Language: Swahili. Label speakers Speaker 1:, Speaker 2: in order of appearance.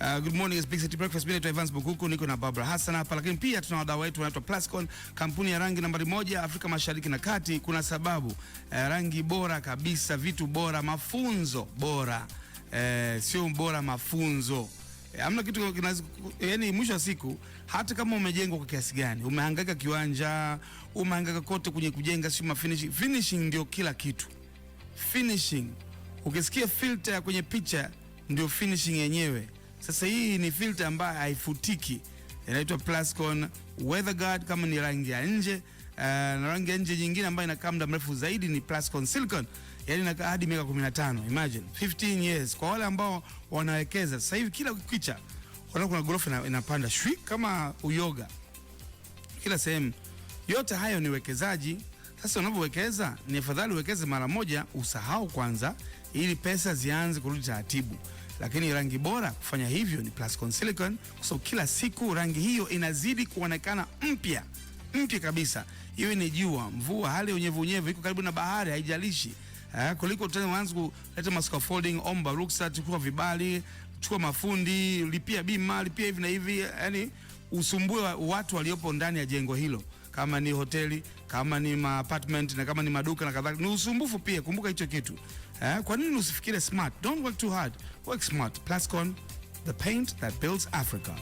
Speaker 1: Uh, good morning, Big City Breakfast. Mimi naitwa Evans Bukuku, niko na Barbara Hassan hapa, lakini pia tuna wadau wetu wanaitwa Plascon, kampuni ya rangi nambari moja Afrika Mashariki na Kati. Kuna sababu uh, rangi bora kabisa, vitu bora, mafunzo bora uh, sio bora mafunzo eh, hamna kitu kinaweza yani, mwisho wa siku, hata kama umejengwa kwa kiasi gani, umehangaika kiwanja, umehangaika kote kwenye kujenga, sio finishing. Finishing ndio kila kitu. Finishing, ukisikia filter kwenye picha ndio finishing yenyewe. Sasa hii ni filter ambayo haifutiki, inaitwa Plascon Weather Guard kama ni rangi ya nje uh, na rangi ya nje nyingine ambayo inakaa muda mrefu zaidi ni Plascon Silicon, yani inakaa hadi miaka 15, imagine 15 years. Kwa wale ambao wanawekeza sasa hivi, kila ukikicha unaona kuna ghorofa inapanda shwi kama uyoga kila sehemu. Yote hayo ni wekezaji. Sasa unapowekeza ni afadhali uwekeze mara moja, usahau kwanza, ili pesa zianze kurudi taratibu lakini rangi bora kufanya hivyo ni Plascon silicon kwa sababu kila siku rangi hiyo inazidi kuonekana mpya mpya kabisa, iwe ni jua, mvua, hali unyevu unyevu, iko karibu na bahari, haijalishi Ha, kuliko tutaanza kuleta mascafolding omba ruksa, chukua vibali, chukua mafundi, lipia bima, lipia hivi na hivi, yani usumbue watu waliopo ndani ya jengo hilo kama ni hoteli, kama ni maapartment apartment na kama ni maduka na kadhalika, ni usumbufu pia. Kumbuka hicho kitu eh. Kwa nini usifikire smart? Don't work too hard, work smart.
Speaker 2: Plascon, the paint that builds Africa.